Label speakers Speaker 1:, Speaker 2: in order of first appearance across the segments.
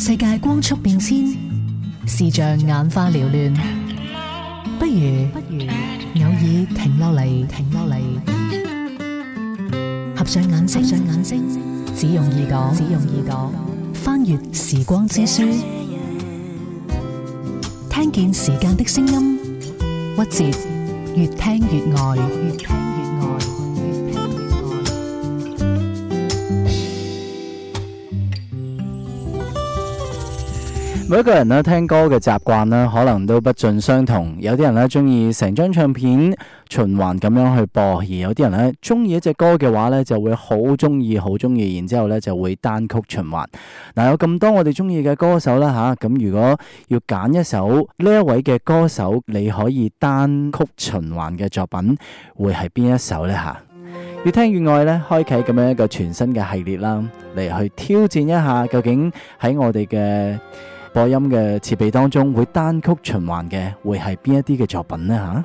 Speaker 1: 世界光速變遷，視像眼花撩亂，不如不如偶爾停落嚟，合上眼睛，只用耳朵翻閱時光之書 yeah, yeah. 聽見時間的聲音，曲折越聽越愛。越
Speaker 2: 每一個人咧，聽歌嘅習慣呢，可能都不盡相同。有啲人咧，中意成張唱片循環咁樣去播，而有啲人咧，中意一隻歌嘅話呢，就會好中意，好中意，然之後呢，就會單曲循環。嗱，有咁多我哋中意嘅歌手啦。吓，咁如果要揀一首呢一位嘅歌手，你可以單曲循環嘅作品會係邊一首呢？吓，越聽越愛呢，開啟咁樣一個全新嘅系列啦，嚟，去挑戰一下，究竟喺我哋嘅。播音嘅設備當中會單曲循環嘅會係邊
Speaker 3: 一啲嘅作品呢？吓。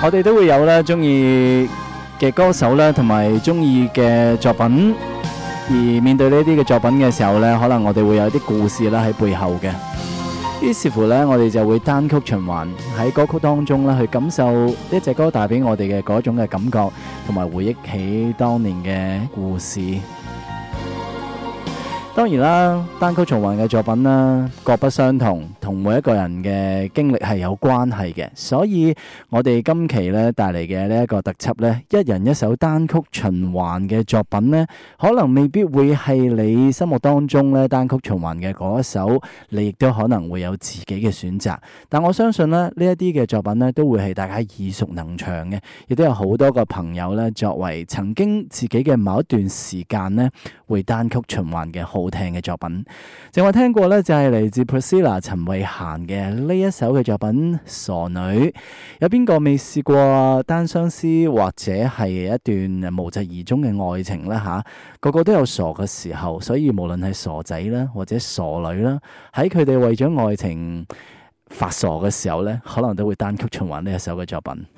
Speaker 2: 我哋都會有咧中意嘅歌手咧，同埋中意嘅作品。而面對呢啲嘅作品嘅時候咧，可能我哋會有啲故事啦喺背後嘅。於是乎咧，我哋就會單曲循環喺歌曲當中咧去感受呢隻歌帶俾我哋嘅嗰種嘅感覺，同埋回憶起當年嘅故事。當然啦，單曲循環嘅作品啦，各不相同，同每一個人嘅經歷係有關係嘅。所以，我哋今期咧帶嚟嘅呢一個特輯呢，一人一首單曲循環嘅作品呢，可能未必會係你心目當中咧單曲循環嘅嗰一首，你亦都可能會有自己嘅選擇。但我相信呢，呢一啲嘅作品呢，都會係大家耳熟能詳嘅，亦都有好多個朋友呢，作為曾經自己嘅某一段時間呢，會單曲循環嘅好。好聽嘅作品，正話聽過咧就係、是、嚟自 Priscilla 陳慧嫻嘅呢一首嘅作品《傻女》，有邊個未試過單相思或者係一段無疾而終嘅愛情咧吓、啊？個個都有傻嘅時候，所以無論係傻仔啦或者傻女啦，喺佢哋為咗愛情發傻嘅時候咧，可能都會單曲循環呢一首嘅作品。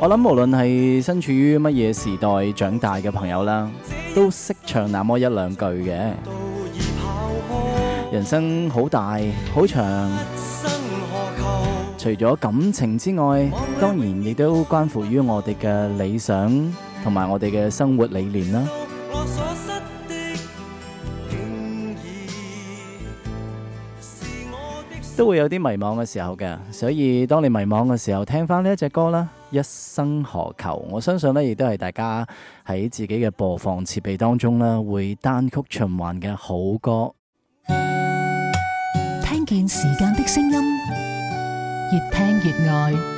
Speaker 2: 我諗無論係身處於乜嘢時代長大嘅朋友啦，都識唱那麼一兩句嘅。人生好大好長，除咗感情之外，當然亦都關乎於我哋嘅理想同埋我哋嘅生活理念啦。都會有啲迷茫嘅時候嘅，所以當你迷茫嘅時候，聽返呢一隻歌啦。一生何求，我相信呢亦都係大家喺自己嘅播放設備當中呢，會單曲循環嘅好歌。
Speaker 1: 聽見時間的聲音，越聽越愛。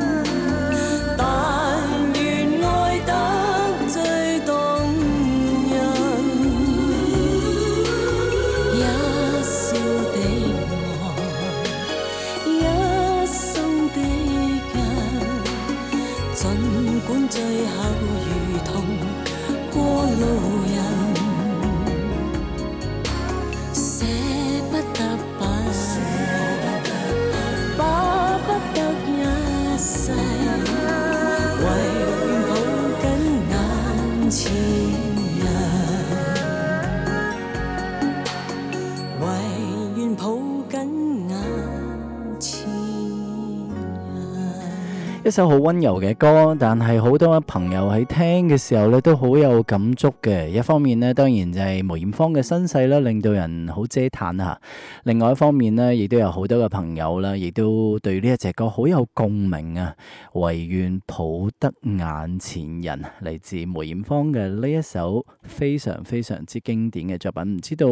Speaker 2: 一首好溫柔嘅歌，但係好多朋友喺聽嘅時候咧都好有感觸嘅。一方面咧，當然就係梅艷芳嘅身世啦，令到人好嗟嘆吓。另外一方面咧，亦都有好多嘅朋友啦，亦都對呢一隻歌好有共鳴啊。惟願抱得眼前人，嚟自梅艷芳嘅呢一首非常非常之經典嘅作品，唔知道。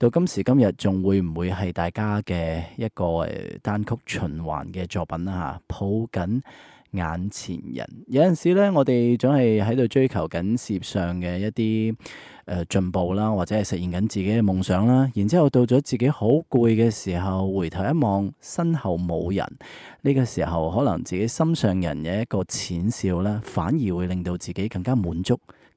Speaker 2: 到今時今日，仲會唔會係大家嘅一個單曲循環嘅作品啦？抱緊眼前人。有陣時咧，我哋總係喺度追求緊事業上嘅一啲誒進步啦，或者係實現緊自己嘅夢想啦。然之後到咗自己好攰嘅時候，回頭一望，身後冇人。呢個時候，可能自己心上人嘅一個淺笑咧，反而會令到自己更加滿足。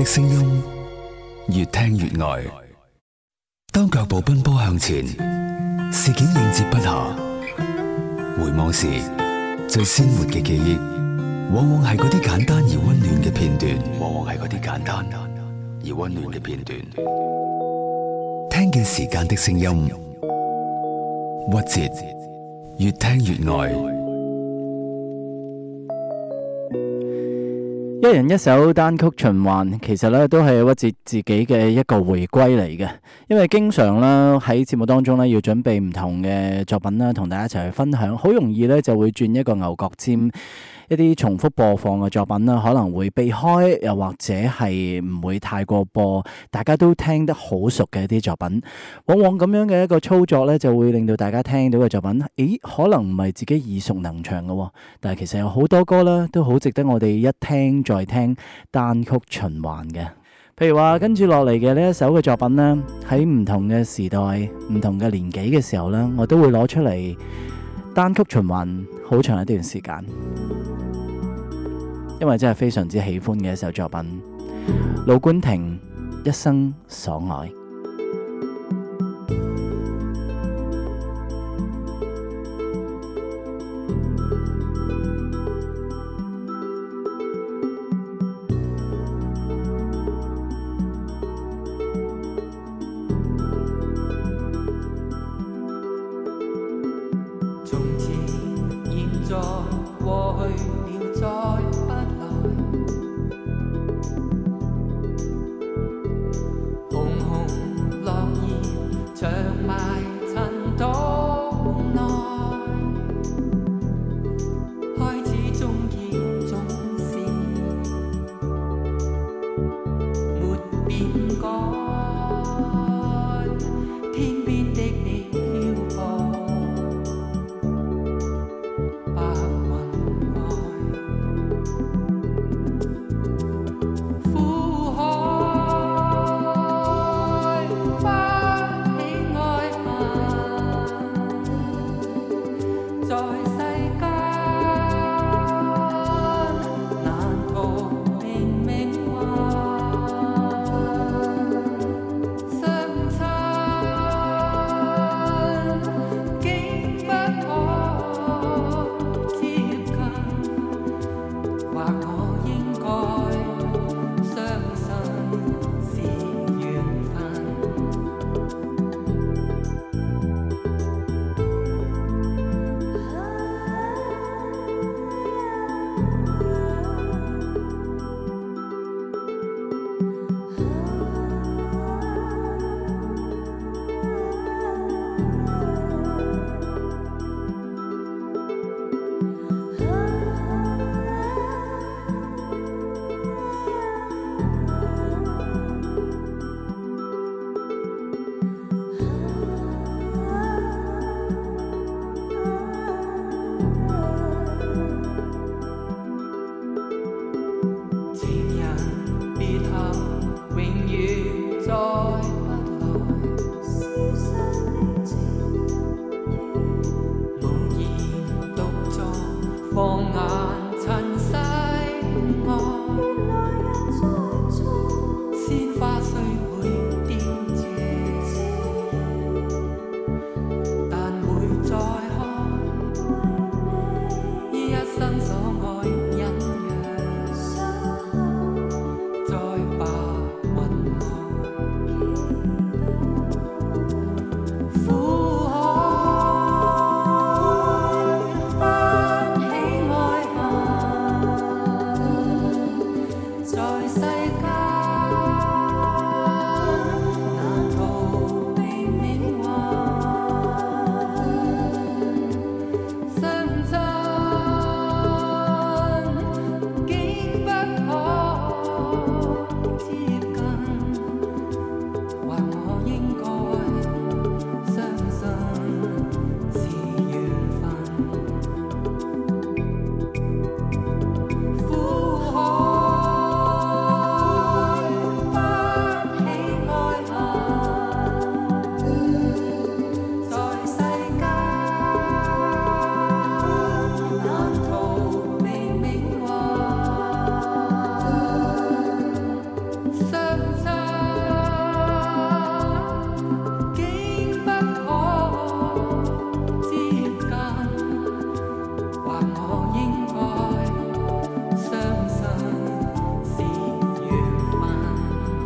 Speaker 4: 的聲音越聽越愛。當腳步奔波向前，事件應接不下，回望時，最鮮活嘅記憶，往往係嗰啲簡單而温暖嘅片段。往往係嗰啲簡單而温暖嘅片段。聽見時間的聲音，曲折越聽越愛。
Speaker 2: 一人一首單曲循環，其實咧都係屈自自己嘅一個回歸嚟嘅，因為經常咧喺節目當中咧要準備唔同嘅作品啦，同大家一齊去分享，好容易咧就會轉一個牛角尖。一啲重複播放嘅作品啦，可能會避開，又或者係唔會太過播，大家都聽得好熟嘅一啲作品，往往咁樣嘅一個操作呢，就會令到大家聽到嘅作品，咦，可能唔係自己耳熟能詳嘅，但係其實有好多歌呢，都好值得我哋一聽再聽單曲循環嘅。譬如話，跟住落嚟嘅呢一首嘅作品呢，喺唔同嘅時代、唔同嘅年紀嘅時候呢，我都會攞出嚟單曲循環好長一段時間。因為真係非常之喜歡嘅一首作品，盧冠廷一生所愛。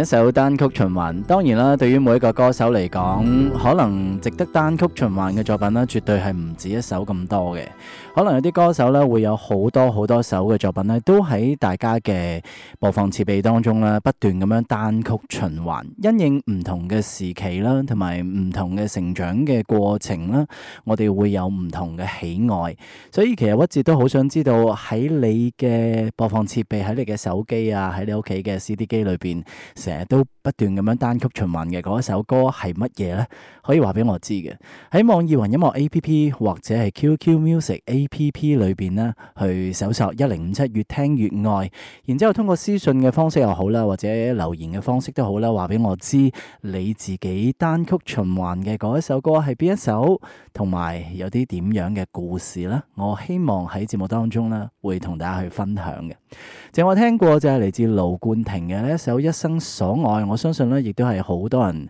Speaker 2: 一首單曲循環，當然啦，對於每一個歌手嚟講，可能值得單曲循環嘅作品咧，絕對係唔止一首咁多嘅。可能有啲歌手咧，會有好多好多首嘅作品都喺大家嘅播放設備當中啦，不斷咁樣單曲循環。因應唔同嘅時期啦，同埋唔同嘅成長嘅過程啦，我哋會有唔同嘅喜愛。所以其實屈志都好想知道喺你嘅播放設備、喺你嘅手機啊、喺你屋企嘅 CD 機裏邊。成日都不斷咁樣單曲循環嘅嗰一首歌係乜嘢呢？可以話俾我知嘅，喺網易雲音樂 A P P 或者係 Q Q Music A P P 裏邊呢，去搜索一零五七越聽越愛，然之後通過私信嘅方式又好啦，或者留言嘅方式都好啦，話俾我知你自己單曲循環嘅嗰一首歌係邊一首，同埋有啲點樣嘅故事呢？我希望喺節目當中呢，會同大家去分享嘅。正我聽過就係嚟自盧冠廷嘅嗰一首一生。所愛，我相信咧，亦都係好多人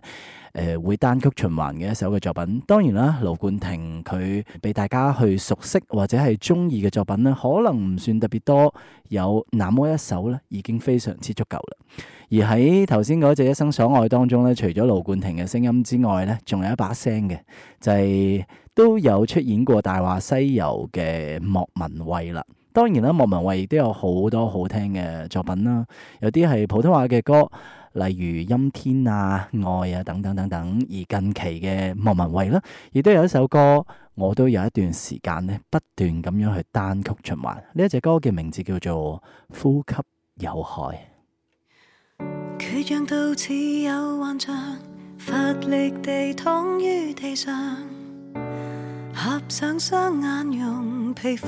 Speaker 2: 誒會單曲循環嘅一首嘅作品。當然啦，盧冠廷佢俾大家去熟悉或者係中意嘅作品呢，可能唔算特別多，有那麼一首呢，已經非常之足夠啦。而喺頭先嗰隻《一生所愛》當中呢，除咗盧冠廷嘅聲音之外呢，仲有一把聲嘅，就係都有出演過《大話西遊》嘅莫文蔚啦。當然啦，莫文蔚亦都有好多好聽嘅作品啦，有啲係普通話嘅歌，例如《陰天》啊、愛啊《愛》啊等等等等。而近期嘅莫文蔚啦，亦都有一首歌，我都有一段時間咧不斷咁樣去單曲循環。呢一隻歌嘅名字叫做《呼吸有害》。
Speaker 5: 缺氧到似有幻象，乏力地躺於地上，合上雙眼，用皮膚。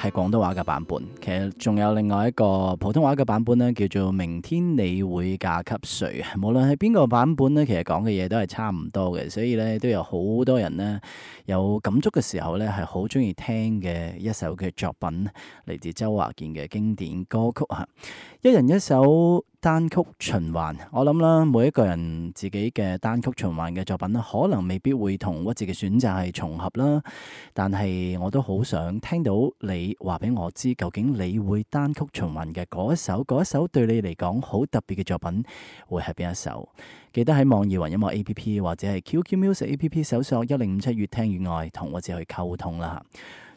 Speaker 2: 係廣東話嘅版本，其實仲有另外一個普通話嘅版本呢，叫做《明天你會嫁給誰》。無論係邊個版本呢，其實講嘅嘢都係差唔多嘅，所以咧都有好多人呢，有感觸嘅時候呢，係好中意聽嘅一首嘅作品，嚟自周華健嘅經典歌曲啊！一人一首。單曲循環，我諗啦，每一個人自己嘅單曲循環嘅作品，可能未必會同屈志嘅選擇係重合啦。但係我都好想聽到你話俾我知，究竟你會單曲循環嘅嗰一首，嗰一首對你嚟講好特別嘅作品會係邊一首？記得喺網易雲音樂 APP 或者係 Q Q Music APP 搜索一零五七越聽越愛，同屈志去溝通啦。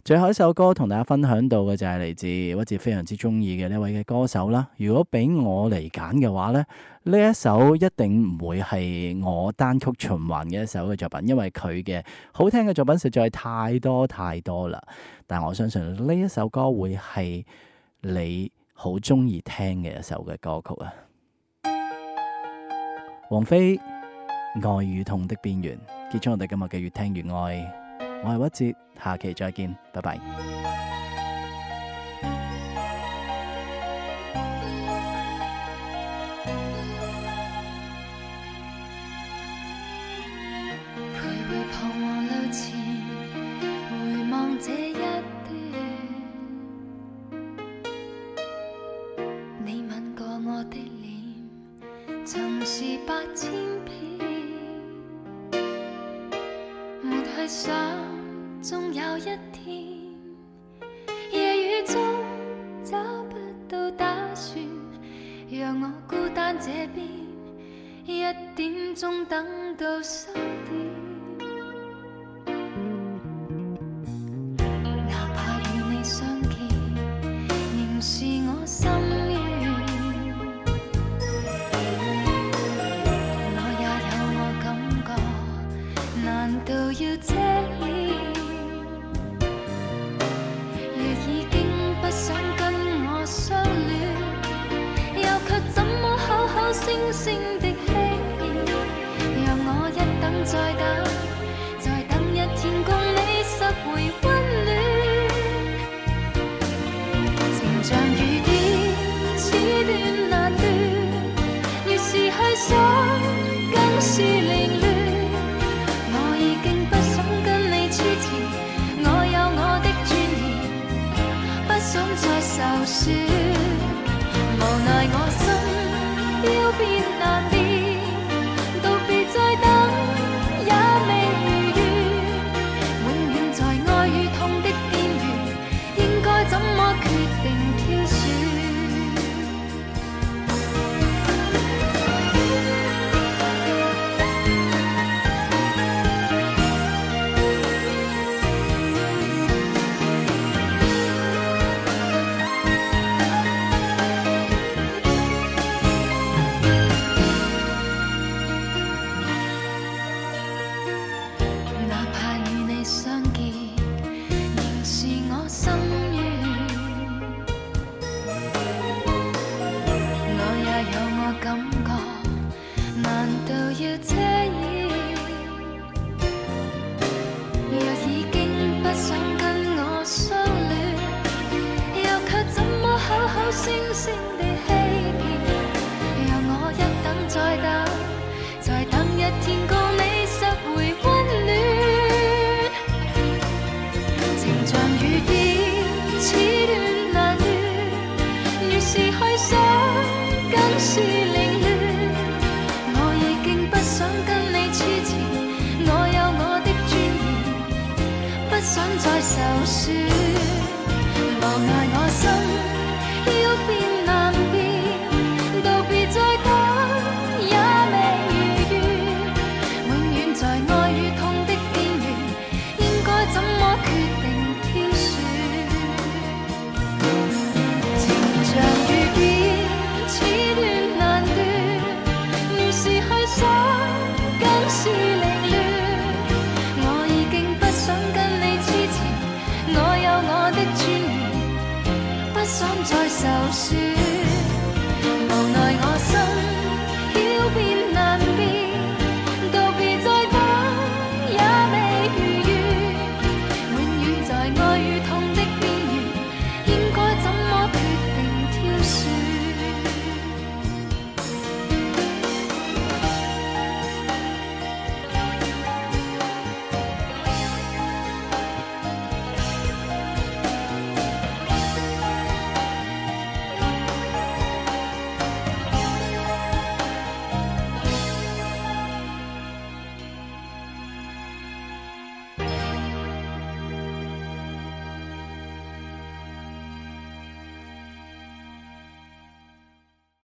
Speaker 2: 最後一首歌同大家分享到嘅就係嚟自屈志非常之中意嘅呢位嘅歌手啦。如果俾我嚟揀嘅話咧，呢一首一定唔會係我單曲循環嘅一首嘅作品，因為佢嘅好聽嘅作品實在太多太多啦。但我相信呢一首歌會係你好中意聽嘅一首嘅歌曲啊。王菲《愛與痛的邊緣》，結束我哋今日嘅越聽越愛。我係屈哲，下期再見，拜拜。